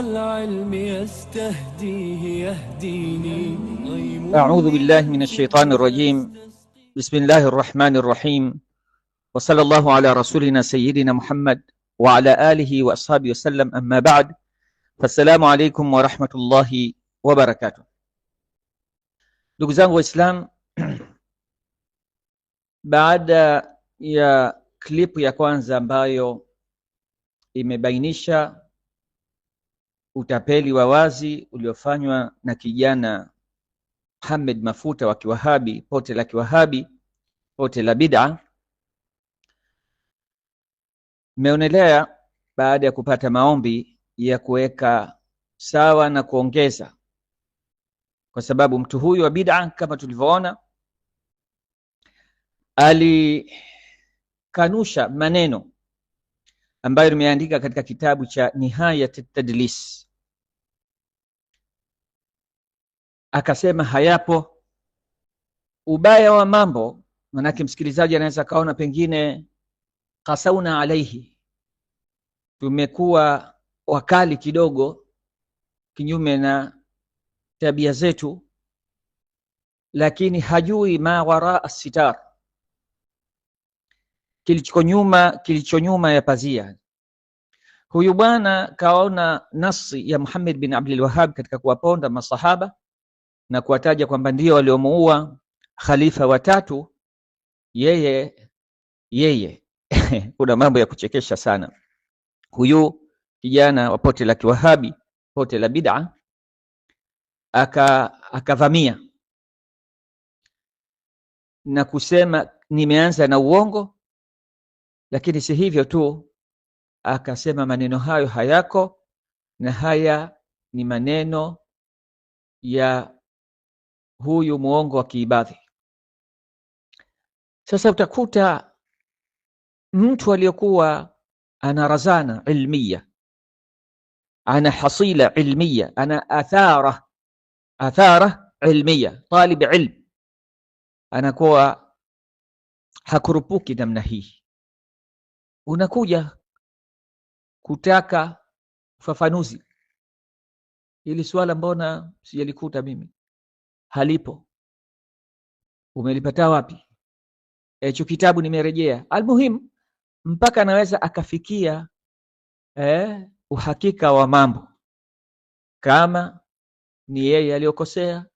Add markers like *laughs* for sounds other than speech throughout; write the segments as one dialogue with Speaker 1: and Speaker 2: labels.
Speaker 1: العلم يستهديه يهديني أعوذ بالله من الشيطان الرجيم بسم الله الرحمن الرحيم وصلى الله على رسولنا سيدنا محمد وعلى آله وأصحابه وسلم أما بعد فالسلام عليكم ورحمة الله وبركاته دوغزان وإسلام *clears throat* بعد يا كليب يا ya kwanza ambayo imebainisha utapeli wa wazi uliofanywa na kijana Muhammad Mafuta wa Kiwahabi, pote la Kiwahabi, pote la bid'a, imeonelea baada ya kupata maombi ya kuweka sawa na kuongeza, kwa sababu mtu huyu wa bid'a kama tulivyoona alikanusha maneno ambayo nimeandika katika kitabu cha Nihayat Tadlis akasema hayapo. Ubaya wa mambo, manake msikilizaji anaweza kaona pengine kasauna alaihi, tumekuwa wakali kidogo kinyume na tabia zetu, lakini hajui ma wara sitar, kilicho nyuma, kilicho nyuma ya pazia. Huyu bwana kaona nasi ya Muhammad bin Abdul Wahhab katika kuwaponda masahaba na kuwataja kwamba ndio waliomuua khalifa watatu yeye yeye *laughs* kuna mambo ya kuchekesha sana. Huyu kijana wa pote la kiwahabi pote la bid'a aka akavamia na kusema nimeanza na uongo, lakini si hivyo tu, akasema maneno hayo hayako na haya ni maneno ya huyu muongo wa kiibadhi. Sasa utakuta mtu aliyokuwa ana razana ilmiya, ana hasila ilmiya, ana athara athara ilmiya, talib ilm, anakuwa hakurupuki namna hii. Unakuja kutaka ufafanuzi, ili swala mbona sijalikuta mimi? halipo. Umelipata wapi? E, hicho e, kitabu nimerejea. Almuhimu, mpaka anaweza akafikia eh, uhakika wa mambo, kama ni yeye aliyokosea,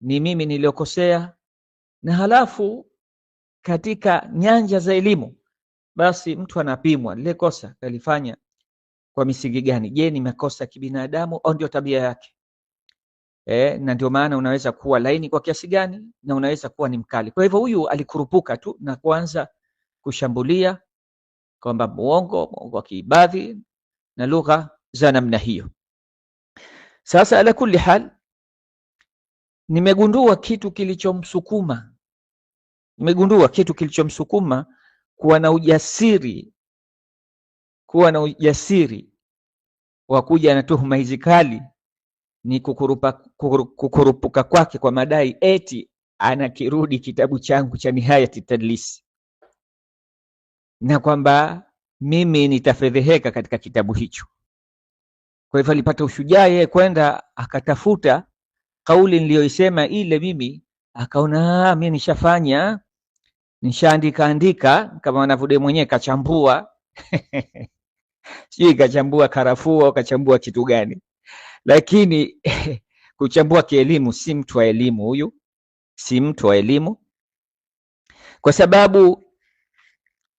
Speaker 1: ni mimi niliyokosea, na halafu katika nyanja za elimu basi mtu anapimwa lile kosa kalifanya kwa misingi gani? Je, ni makosa ya kibinadamu au ndio tabia yake? eh, na ndio maana unaweza kuwa laini kwa kiasi gani na unaweza kuwa ni mkali. Kwa hivyo huyu alikurupuka tu na kuanza kushambulia kwamba muongo, muongo wa kiibadhi na lugha za namna hiyo. Sasa ala kulli hal, nimegundua kitu kilichomsukuma nimegundua kitu kilichomsukuma kuwa na ujasiri kuwa na ujasiri wa kuja na tuhuma hizi kali ni kukurupuka kwake kwa madai eti anakirudi kitabu changu cha Nihayati Tadlis na kwamba mimi nitafedheheka katika kitabu hicho. Kwa hivyo alipata ushujaa yeye kwenda akatafuta kauli niliyoisema ile, mimi akaona ah, mi nishafanya nishaandika andika, kama wanavude mwenyewe, kachambua *laughs* sijui kachambua karafuu au kachambua kitu gani, lakini *laughs* kuchambua kielimu, si mtu wa elimu huyu, si mtu wa elimu, kwa sababu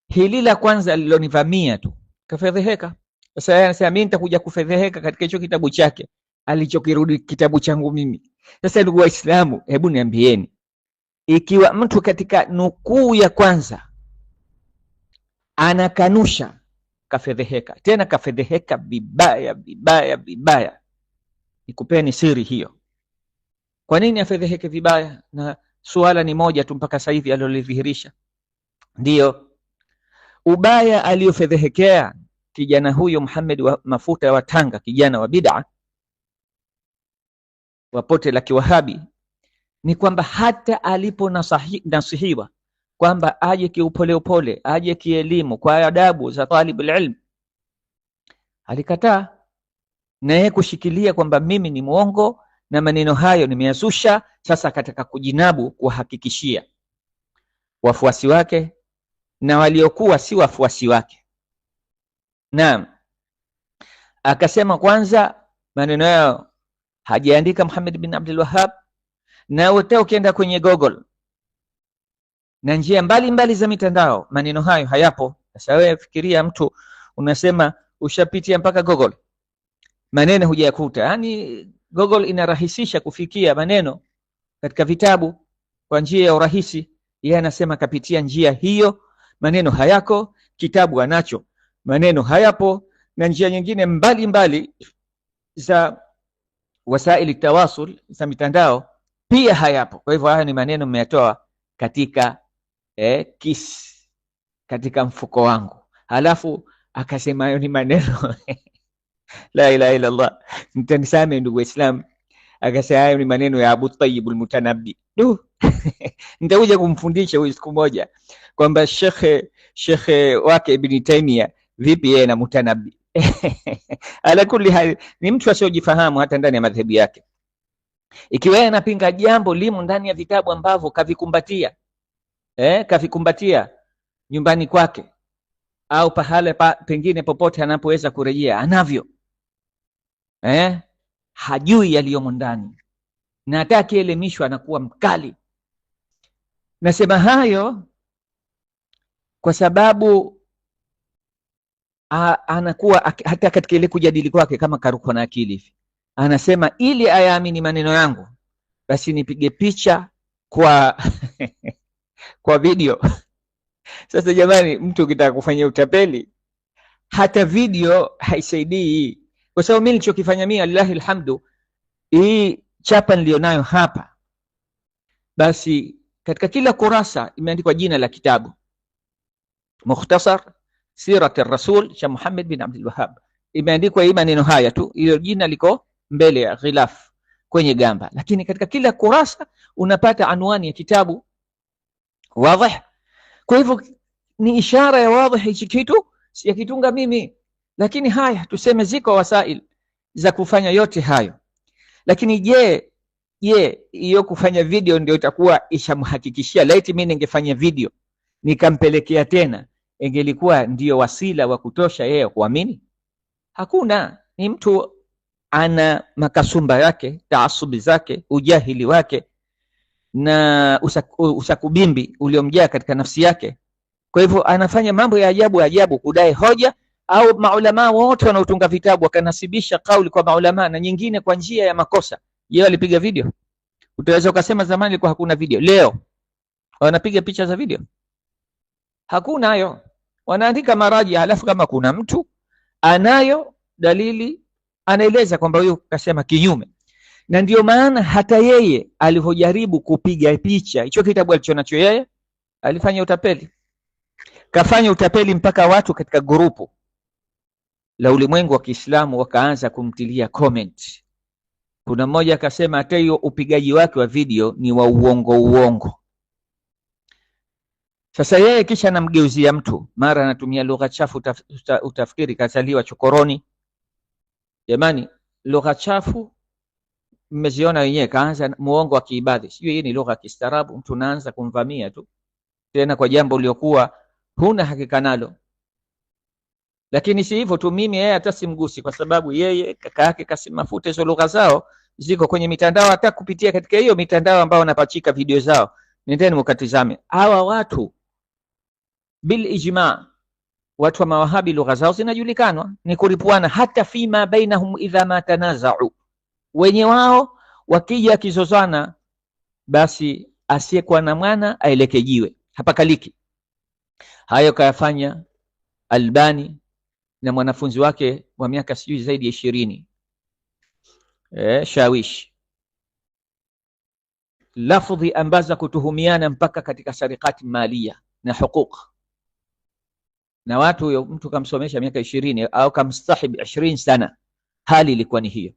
Speaker 1: hili la kwanza lilonivamia tu kafedheheka. Sasa yeye anasema mimi nitakuja kufedheheka katika hicho kitabu chake alichokirudi kitabu changu mimi. Sasa ndugu Waislamu, hebu niambieni, ikiwa mtu katika nukuu ya kwanza anakanusha, kafedheheka, tena kafedheheka vibaya vibaya vibaya Nikupeni siri hiyo. Kwa nini afedheheke vibaya? Na suala ni moja tu mpaka sasa hivi alilodhihirisha, ndiyo ubaya aliyofedhehekea kijana huyo Muhammad wa Mafuta wa Tanga, kijana wa bid'a wapote la kiwahabi ni kwamba hata aliponasihiwa kwamba aje kiupoleupole, aje kielimu, kwa adabu za talibul ilm, alikataa na yeye kushikilia kwamba mimi ni mwongo na maneno hayo nimeyazusha. Sasa akataka kujinabu kuwahakikishia wafuasi wake na waliokuwa si wafuasi wake. Naam, akasema kwanza maneno yao hajaandika Muhammad bin Abdul Wahhab, na wote ukienda kwenye Google na njia mbalimbali mbali za mitandao maneno hayo hayapo. Sasa wewe fikiria, mtu unasema ushapitia mpaka Google maneno hujayakuta. yani Google inarahisisha kufikia maneno katika vitabu kwa njia ya urahisi. Yeye anasema kapitia njia hiyo, maneno hayako, kitabu anacho, maneno hayapo, na njia nyingine mbalimbali mbali za wasaili tawasul za mitandao pia hayapo. Kwa hivyo haya ni maneno mmeyatoa katika eh, kisi katika mfuko wangu, halafu akasema hayo ni maneno *laughs* la ilaha illa Allah. Mtanisamehe ndugu Islam. akasema hayo ni maneno ya Abu Tayyib al-Mutanabbi. Du, *laughs* nitakuja kumfundisha huyu siku moja kwamba shekhe shekhe wake Ibn Taymiyyah vipi yeye na Mutanabbi. *laughs* Ala kulli hal, ni mtu asiyojifahamu hata ndani ya madhehebu yake, ikiwa yeye anapinga jambo limu ndani ya vitabu ambavyo kavikumbatia, eh, kavikumbatia nyumbani kwake au pahale pa, pengine popote anapoweza kurejea anavyo eh? Hajui yaliyomo ndani na hata akielemishwa anakuwa mkali. Nasema hayo kwa sababu a, anakuwa hata katika ile kujadili kwake kama karukwa na akili hivi, anasema ili ayaamini maneno yangu basi nipige picha kwa *laughs* kwa video. Sasa jamani, mtu ukitaka kufanya utapeli hata video haisaidii. Kwa sababu mimi nilichokifanya mimi, alilahi alhamdu, hii chapa nilionayo hapa, basi katika kila kurasa imeandikwa jina la kitabu Mukhtasar Sirat Rasul cha muhammed bin Abdul wahab imeandikwa hii maneno haya tu, hiyo jina liko mbele ya ghilaf kwenye gamba, lakini katika kila kurasa unapata anwani ya kitabu wadhih. Kwa hivyo ni ishara ya wadhih hichi kitu, sikitunga mimi lakini haya tuseme, ziko wasail za kufanya yote hayo, lakini je, je, hiyo kufanya video ndio itakuwa ishamhakikishia? Laiti mimi ningefanya video nikampelekea tena, ingelikuwa ndiyo wasila wa kutosha yeye kuamini? Hakuna. Ni mtu ana makasumba yake, taasubi zake, ujahili wake na usakubimbi usaku, uliomjaa katika nafsi yake. Kwa hivyo anafanya mambo ya ajabu ajabu kudai hoja au maulama wote wanaotunga vitabu wakanasibisha kauli kwa maulama na nyingine kwa njia ya makosa. Yeye alipiga video, utaweza ukasema zamani ilikuwa hakuna video, leo wanapiga picha za video. Hakuna hayo, wanaandika maraji. Halafu kama kuna mtu anayo dalili, anaeleza kwamba huyo kasema kinyume, na ndiyo maana hata yeye alivyojaribu kupiga picha hicho kitabu alichonacho yeye, alifanya utapeli, kafanya utapeli mpaka watu katika grupu la ulimwengu wa Kiislamu wakaanza kumtilia comment. Kuna mmoja akasema hata hiyo upigaji wake wa video ni wa uongo uongo. Sasa yeye kisha anamgeuzia mtu, mara anatumia lugha chafu, utafikiri kazaliwa chokoroni. Jamani, lugha chafu mmeziona wenyewe. Kaanza muongo wa kiibadhi, sijui hii ni lugha ya kistaarabu. Mtu naanza kumvamia tu, tena kwa jambo uliokuwa huna hakika nalo. Lakini si hivyo tu, mimi yeye hata simgusi, kwa sababu yeye kaka yake Kasim Mafuta, hizo lugha zao ziko kwenye mitandao, hata kupitia katika hiyo mitandao ambao wanapachika video zao. Nendeni mkatizame hawa watu, bil ijma, watu wa mawahabi lugha zao zinajulikanwa, ni kulipuana, hata fima bainahum idha ma tanazau, wenye wao wakija kizozana, basi asiyekuwa na mwana aelekejiwe, hapakaliki. Hayo kayafanya Albani na mwanafunzi wake wa miaka sijui zaidi ya ishirini eh, shawish lafdhi ambaza kutuhumiana mpaka katika sarikati malia na huquq na watu huyo mtu kamsomesha miaka ishirini au kamstahib ishirini sana, hali ilikuwa ni hiyo.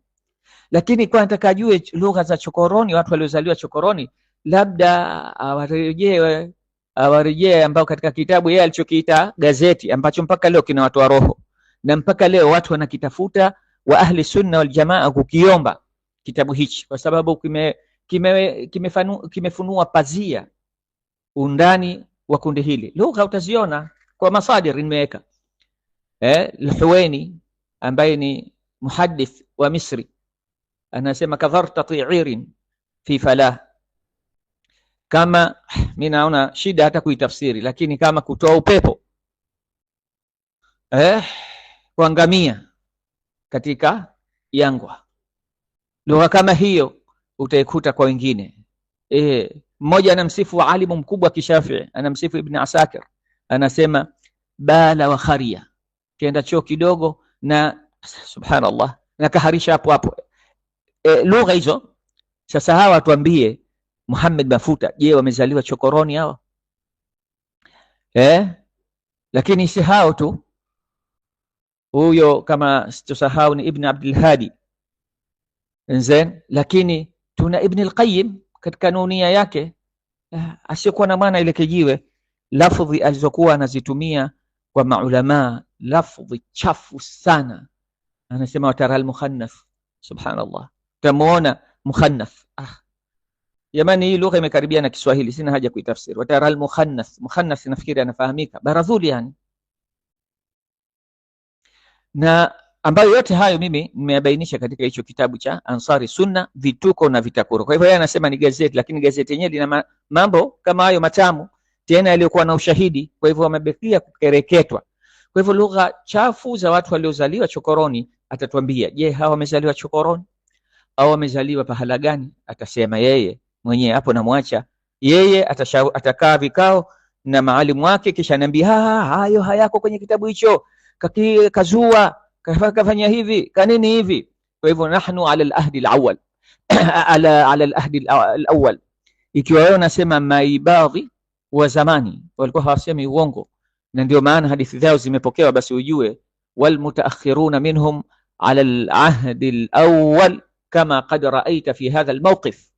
Speaker 1: Lakini kwa nataka ajue lugha za chokoroni, watu waliozaliwa chokoroni, labda awarejee awarejee ambao katika kitabu yeye alichokiita gazeti ambacho mpaka leo kina watu wa roho na mpaka leo watu wanakitafuta wa ahli sunna wal jamaa kukiomba kitabu hichi, kwa sababu kime, kime, kimefanu, kimefunua pazia undani wa kundi hili. Lugha utaziona kwa masadir nimeweka. Eh, Lhuweni ambaye ni muhadith wa Misri anasema kadharta ti'irin fi falah kama mi naona shida hata kuitafsiri, lakini kama kutoa upepo eh, kuangamia katika yangwa Lugha kama hiyo utaikuta kwa wengine. E, mmoja anamsifu alimu mkubwa kishafii, anamsifu Ibn Asakir, anasema bala wa kharia, kenda choo kidogo na subhanallah, nakaharisha hapo hapo. E, lugha hizo sasa, hawa tuambie Muhammad Mafuta, je, wamezaliwa chokoroni hawa? E, eh, lakini si hao tu huyo kama sitosahau ni Ibn Abdul Hadi nzen, lakini tuna Ibn al-Qayyim katika nunia yake eh, asiyokuwa na maana ile kijiwe, lafdhi alizokuwa anazitumia kwa maulamaa, lafdhi chafu sana. Anasema watara al-mukhannaf, subhanallah, tamuona mukhannaf. Ah, jamani, hii lugha imekaribia na Kiswahili, sina haja kuitafsiri. Watara al-mukhannaf, mukhannaf nafikiri anafahamika, baradhuli yani na ambayo yote hayo mimi nimeyabainisha katika hicho kitabu cha Ansari Sunna, vituko na vitakuro. Kwa hivyo yeye anasema ni gazeti, lakini gazeti yenyewe lina mambo kama hayo matamu tena yaliyokuwa na ushahidi. Kwa hivyo wamebakia kukereketwa. Kwa hivyo lugha chafu za watu waliozaliwa chokoroni, atatuambia je, hawa wamezaliwa chokoroni au wamezaliwa pahala gani? Atasema yeye mwenyewe hapo, namwacha yeye, atakaa vikao na maalimu wake, kisha anaambia hayo hayako kwenye kitabu hicho kakie kazua kafanya hivi kanini hivi kwa hivyo nahnu ala alahdi alawwal *clears throat* ala ala alahdi alawwal ikiwa wewe unasema maibadhi wa zamani walikuwa hawasemi uongo na ndio maana hadithi zao zimepokewa basi ujue walmutaakhiruna minhum ala alahdi alawwal kama qad raaita fi hadha almawqif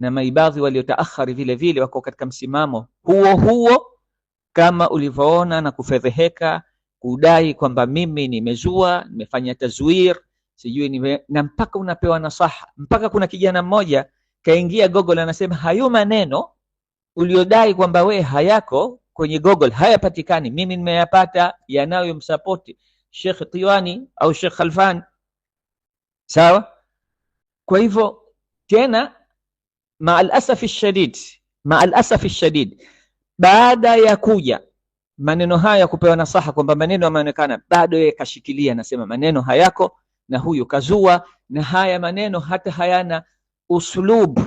Speaker 1: na maibadhi waliotaakhari vile vile wako katika msimamo huo huo kama ulivyoona na kufedheheka kudai kwamba mimi nimezua, nimefanya tazwir, sijui nime... na mpaka unapewa nasaha. Mpaka kuna kijana mmoja kaingia Google anasema hayo maneno uliodai kwamba we hayako kwenye Google hayapatikani, mimi nimeyapata yanayomsapoti Sheikh Tiwani au Sheikh Khalfan. Sawa. Kwa hivyo tena, maalasafi shadid, maalasafi shadid, baada ya kuja maneno haya ya kupewa nasaha kwamba maneno yameonekana, bado yeye kashikilia, anasema maneno hayako na huyu kazua, na haya maneno hata hayana uslub,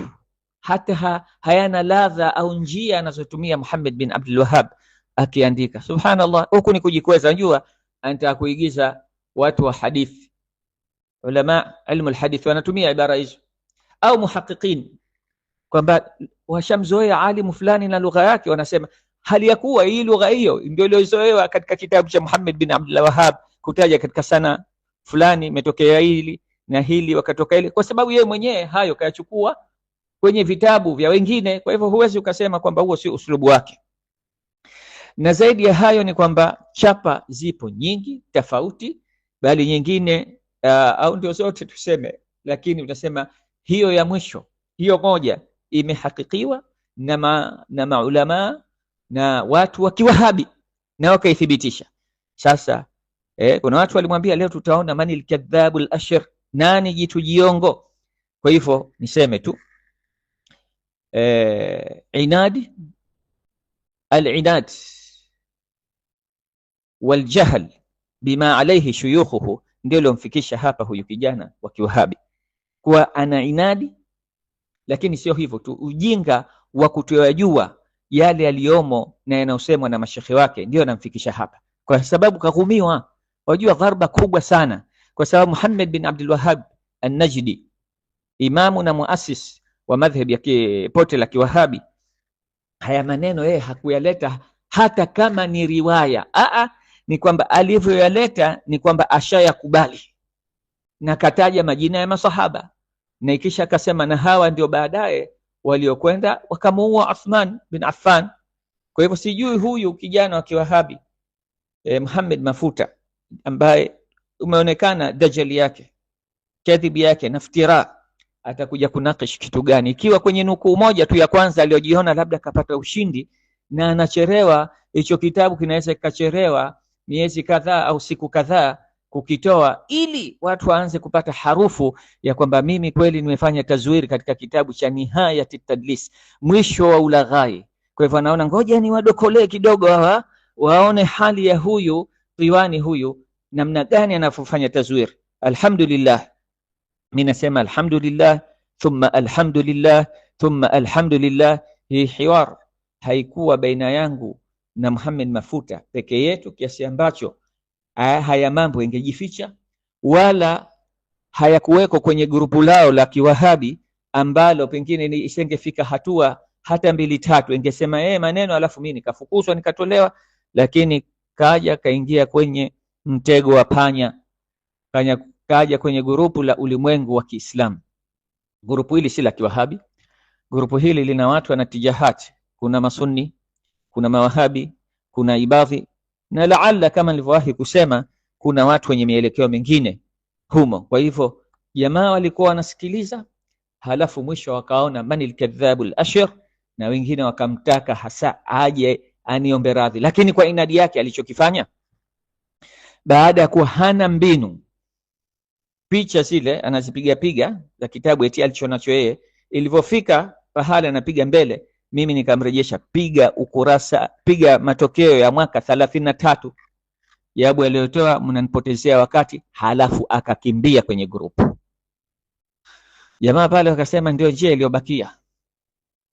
Speaker 1: hata ha, hayana ladha au njia anazotumia Muhammad bin Abdul Wahhab akiandika. Subhanallah, huku ni kujikweza. Najua anataka kuigiza watu wa hadithi, ulama ilmu alhadith wanatumia ibara hizo, au muhaqiqin, kwamba washamzoea alimu fulani na lugha yake, wanasema hali ya kuwa hii lugha hiyo ndio iliyozoewa katika kitabu cha Muhammad bin Abdul Wahhab kutaja katika sana fulani imetokea hili na hili wakatoka ile, kwa sababu yeye mwenyewe hayo kayachukua kwenye vitabu vya wengine. Kwa hivyo huwezi ukasema kwamba huo sio usulubu wake. Na zaidi ya hayo ni kwamba chapa zipo nyingi tofauti, bali nyingine uh, au ndio zote tuseme, lakini unasema hiyo ya mwisho, hiyo moja imehakikiwa na, ma, na maulamaa na watu wa kiwahabi na wakaithibitisha. Sasa eh, kuna watu walimwambia leo tutaona mani alkadhabu alashir, nani jitu jiongo. Kwa hivyo niseme tu eh, inadi alinad waljahl bima alaihi shuyukhuhu ndio lomfikisha hapa huyu kijana wa kiwahabi kuwa ana inadi, lakini sio hivyo tu, ujinga wa kutoyajua yale yaliyomo na yanayosemwa na mashekhe wake ndio anamfikisha hapa, kwa sababu kagumiwa. Wajua dharba kubwa sana, kwa sababu Muhammad bin Abdul Wahhab An-Najdi, imamu na muasis wa madhhab ya pote la Kiwahabi, haya maneno yeye hakuyaleta hata kama ni riwaya. Aa, ni kwamba alivyoyaleta ni kwamba ashayakubali na kataja majina ya masahaba na ikisha akasema na hawa ndio baadaye waliokwenda wakamuua Uthman bin Affan. Kwa hivyo sijui huyu kijana wa kiwahabi eh, Muhammad Mafuta ambaye umeonekana dajali yake kadhibi yake naftira atakuja kunakish kitu gani, ikiwa kwenye nukuu moja tu ya kwanza aliyojiona labda kapata ushindi na anacherewa, hicho kitabu kinaweza kikacherewa miezi kadhaa au siku kadhaa kukitoa ili watu waanze kupata harufu ya kwamba mimi kweli nimefanya tazwiri katika kitabu cha Nihayati Tadlis, mwisho wa ulaghai. Kwa hivyo anaona ngoja ni wadokolee kidogo hawa waone hali ya huyu diwani huyu namna gani anafanya tazwir. Alhamdulillah, mimi nasema alhamdulillah, thumma alhamdulillah, thumma alhamdulillah. Hii hiwar haikuwa baina yangu na Muhammad Mafuta peke yetu kiasi ambacho haya mambo yangejificha, wala hayakuweko kwenye grupu lao la Kiwahabi ambalo pengine ni isingefika hatua hata mbili tatu, ingesema yeye eh, maneno alafu mimi nikafukuzwa nikatolewa. Lakini kaja kaingia kwenye mtego wa panya kanya, kaja kwenye grupu la ulimwengu wa Kiislamu. Grupu hili si la Kiwahabi. grupu hili lina watu wanatijahati, kuna masunni, kuna mawahabi, kuna ibadhi na laala, kama nilivyowahi kusema, kuna watu wenye mielekeo mingine humo. Kwa hivyo jamaa walikuwa wanasikiliza, halafu mwisho wakaona manil kadhabul ashir, na wengine wakamtaka hasa aje aniombe radhi, lakini kwa inadi yake alichokifanya baada ya kuwa hana mbinu, picha zile anazipiga piga za kitabu eti alichonacho yeye, ilivyofika pahala anapiga mbele mimi nikamrejesha, piga ukurasa, piga matokeo ya mwaka thalathini na tatu yabu aliyotoa mnanipotezea wakati. Halafu akakimbia kwenye grupu. Jamaa pale wakasema ndio njia iliyobakia.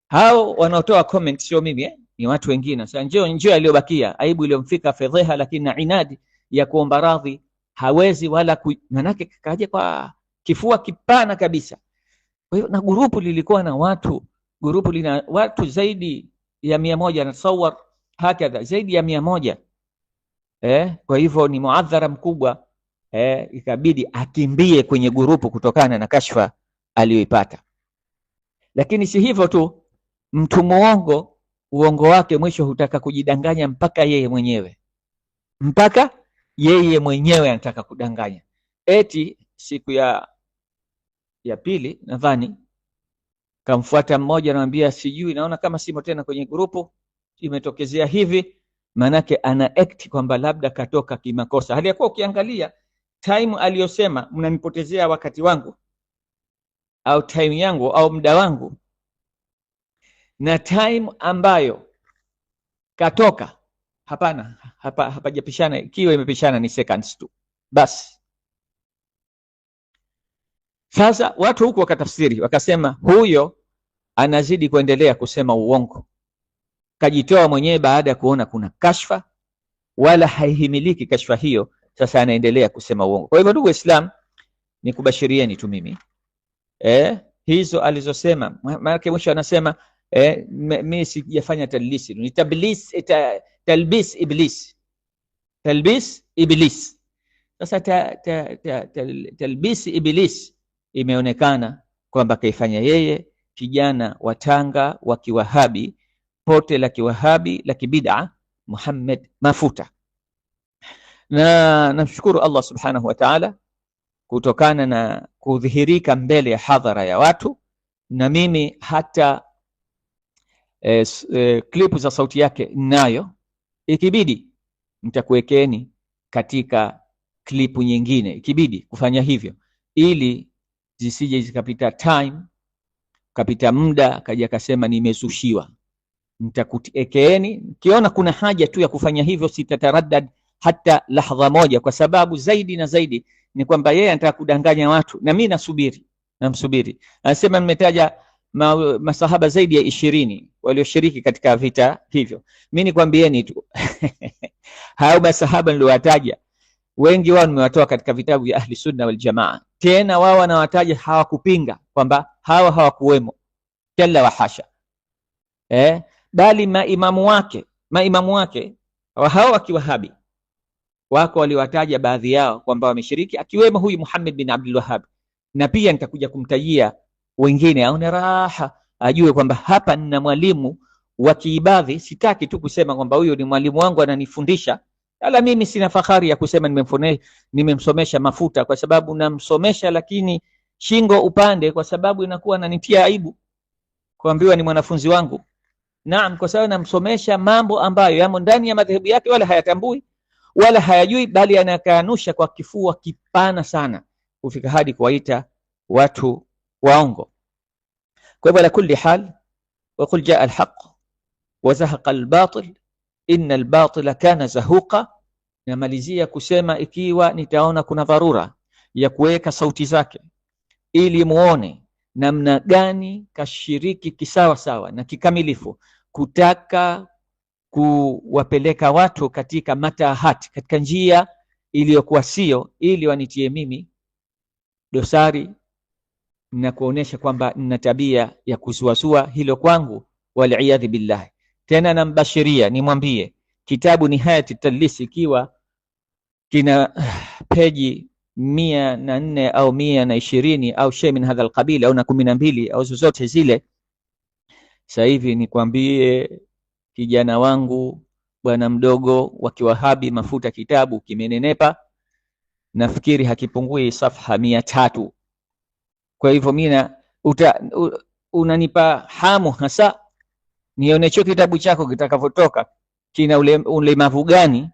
Speaker 1: Hao wanaotoa comment sio mimi eh? Ni watu wengine. Sasa njio njio aliyobakia, aibu iliyomfika, fedheha, lakini na inadi ya kuomba radhi hawezi wala ku... manake kaje kwa kifua kipana kabisa. Kwa hiyo na grupu lilikuwa na watu Grupu lina watu zaidi ya mia moja natasawar hakadha zaidi ya mia moja eh, kwa hivyo ni muadhara mkubwa eh, ikabidi akimbie kwenye grupu kutokana na kashfa aliyoipata. Lakini si hivyo tu, mtu muongo uongo wake mwisho hutaka kujidanganya mpaka yeye mwenyewe, mpaka yeye mwenyewe anataka kudanganya. Eti siku ya ya pili nadhani Kamfuata mmoja anamwambia, sijui naona kama simo tena kwenye grupu, imetokezea hivi. Maanake ana act kwamba labda katoka kimakosa, hali ya kuwa ukiangalia time aliyosema mnanipotezea wakati wangu au time yangu au muda wangu, na time ambayo katoka hapana, hapa hapajapishana. Ikiwa imepishana ni seconds tu basi. Sasa watu huku wakatafsiri wakasema, huyo anazidi kuendelea kusema uongo. Kajitoa mwenyewe baada ya kuona kuna kashfa, wala haihimiliki kashfa hiyo, sasa anaendelea kusema uongo. Kwa hivyo, ndugu waislam nikubashirieni tu mimi eh, hizo alizosema, maanake mwisho anasema eh, mimi sijafanya talbisi, ni tablis, ita, eh, talbis iblis, talbis iblis. Sasa ta, ta, ta, ta, talbisi iblis imeonekana kwamba kaifanya yeye kijana wa Tanga wa Kiwahabi, pote la Kiwahabi la kibid'a, Muhammad Mafuta. Na namshukuru Allah subhanahu wa ta'ala kutokana na kudhihirika mbele ya hadhara ya watu, na mimi hata e, eh, e, eh, klipu za sauti yake nayo, ikibidi nitakuwekeni katika klipu nyingine, ikibidi kufanya hivyo ili zisije zikapita time Kapita muda kaja akasema, nimezushiwa, nitakutekeeni kiona kuna haja tu ya kufanya hivyo, sitataraddad hata lahdha moja, kwa sababu zaidi na zaidi ni kwamba yeye anataka kudanganya watu, na mimi nasubiri, namsubiri. Anasema nimetaja ma, masahaba zaidi ya ishirini walioshiriki katika vita hivyo. Mimi nikwambieni tu *laughs* hao masahaba niliowataja wengi wao nimewatoa katika vitabu vya Ahli Sunna wal Jamaa. Tena wao wanawataja hawakupinga kwamba hawa hawakuwemo, kalla wa hasha eh, bali maimamu wake maimamu wake hawa wa Kiwahabi wako waliwataja baadhi yao kwamba wameshiriki, akiwemo huyu Muhammad bin Abdul Wahhab, na pia nitakuja kumtajia wengine, aone raha, ajue kwamba hapa nina mwalimu wa kiibadhi. Sitaki tu kusema kwamba huyu ni mwalimu wangu ananifundisha, wala mimi sina fahari ya kusema nimemsomesha mafuta, kwa sababu namsomesha, lakini shingo upande, kwa sababu inakuwa nanitia aibu kuambiwa ni mwanafunzi wangu. Naam, kwa sababu namsomesha mambo ambayo yamo ndani ya madhehebu yake, wala hayatambui wala hayajui, bali anakanusha kwa kifua kipana sana, kufika hadi kuwaita watu waongo. Kwa hivyo, ala kulli hal, wa qul jaa alhaq wa zahaqa albatil inna albatila kana zahuqa. Namalizia kusema ikiwa nitaona kuna dharura ya kuweka sauti zake ili muone namna gani kashiriki kisawa sawa na kikamilifu kutaka kuwapeleka watu katika matahati, katika njia iliyokuwa sio, ili wanitie mimi dosari na kuonesha kwamba nina tabia ya kusuasua hilo kwangu, waliyadhi billahi. Tena nambashiria, nimwambie kitabu Nihayati Tadlis, ikiwa kina ah, peji mia na nne au mia na ishirini au shei min hadha alqabili au na kumi na mbili au zozote zile. Sasa hivi nikwambie kijana wangu, bwana mdogo wa Kiwahabi, mafuta kitabu kimenenepa, nafikiri hakipungui safha mia tatu. Kwa hivyo mimi unanipa hamu hasa nione kitabu chako kitakavyotoka, kina ulemavu ule gani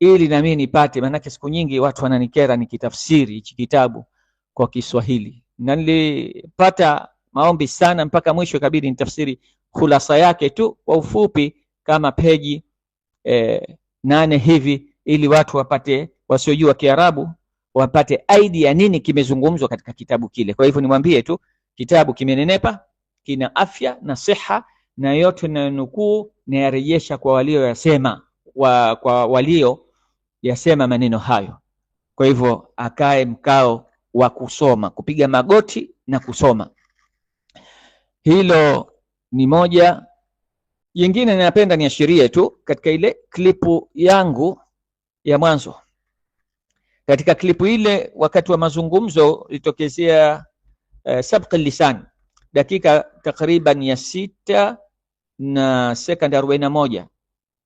Speaker 1: ili na mimi nipate, maanake siku nyingi watu wananikera nikitafsiri hichi kitabu kwa Kiswahili, na nilipata maombi sana mpaka mwisho, ikabidi nitafsiri kulasa yake tu kwa ufupi kama peji eh, nane hivi, ili watu wapate, wasiojua Kiarabu wapate idea ya nini kimezungumzwa katika kitabu kile. Kwa hivyo nimwambie tu kitabu kimenenepa, kina afya na siha, na yote na nukuu nayarejesha kwa walio yasema, wa, kwa walio yasema maneno hayo. Kwa hivyo akae mkao wa kusoma, kupiga magoti na kusoma. Hilo ni moja. Yingine ninapenda niashirie tu katika ile klipu yangu ya mwanzo. Katika klipu ile, wakati wa mazungumzo ilitokezea uh, eh, sabqi lisan, dakika takriban ya sita na sekondi arobaini na moja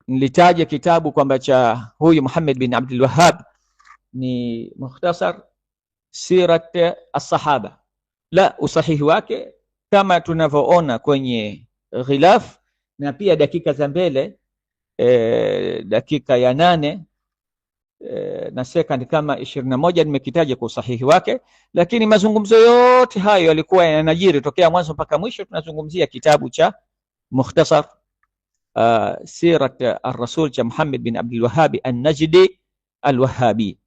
Speaker 1: nilitaja kitabu kwamba cha huyu Muhammad bin Abdul Wahhab ni mukhtasar sirat as-sahaba, la usahihi wake kama tunavyoona kwenye ghilaf na pia dakika za mbele e, dakika ya nane e, na sekandi kama ishirini na moja nimekitaja kwa usahihi wake, lakini mazungumzo yote hayo yalikuwa yanajiri tokea mwanzo mpaka mwisho. Tunazungumzia kitabu cha mukhtasar آه، سيرة الرسول محمد بن عبد الوهاب النجدي الوهابي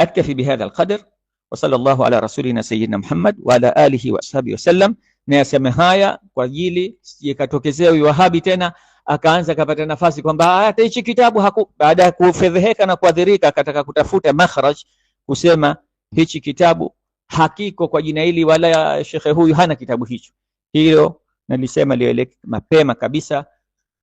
Speaker 1: أكتفي بهذا القدر وصلى الله على رسولنا سيدنا محمد وعلى آله وأصحابه وسلم ناسم هايا وجيلي يكتوكزيو وهابي تينا أكانزا كبتا نفاسي كون باعي آه، تيشي كتابو هكو بعد كوفذهيكا نكوذريكا كتاكا كتفوت مخرج كسيما هيشي كتابو hakiko kwa jina hili wala shekhe huyu hana kitabu hicho hilo nalisema lieleke mapema kabisa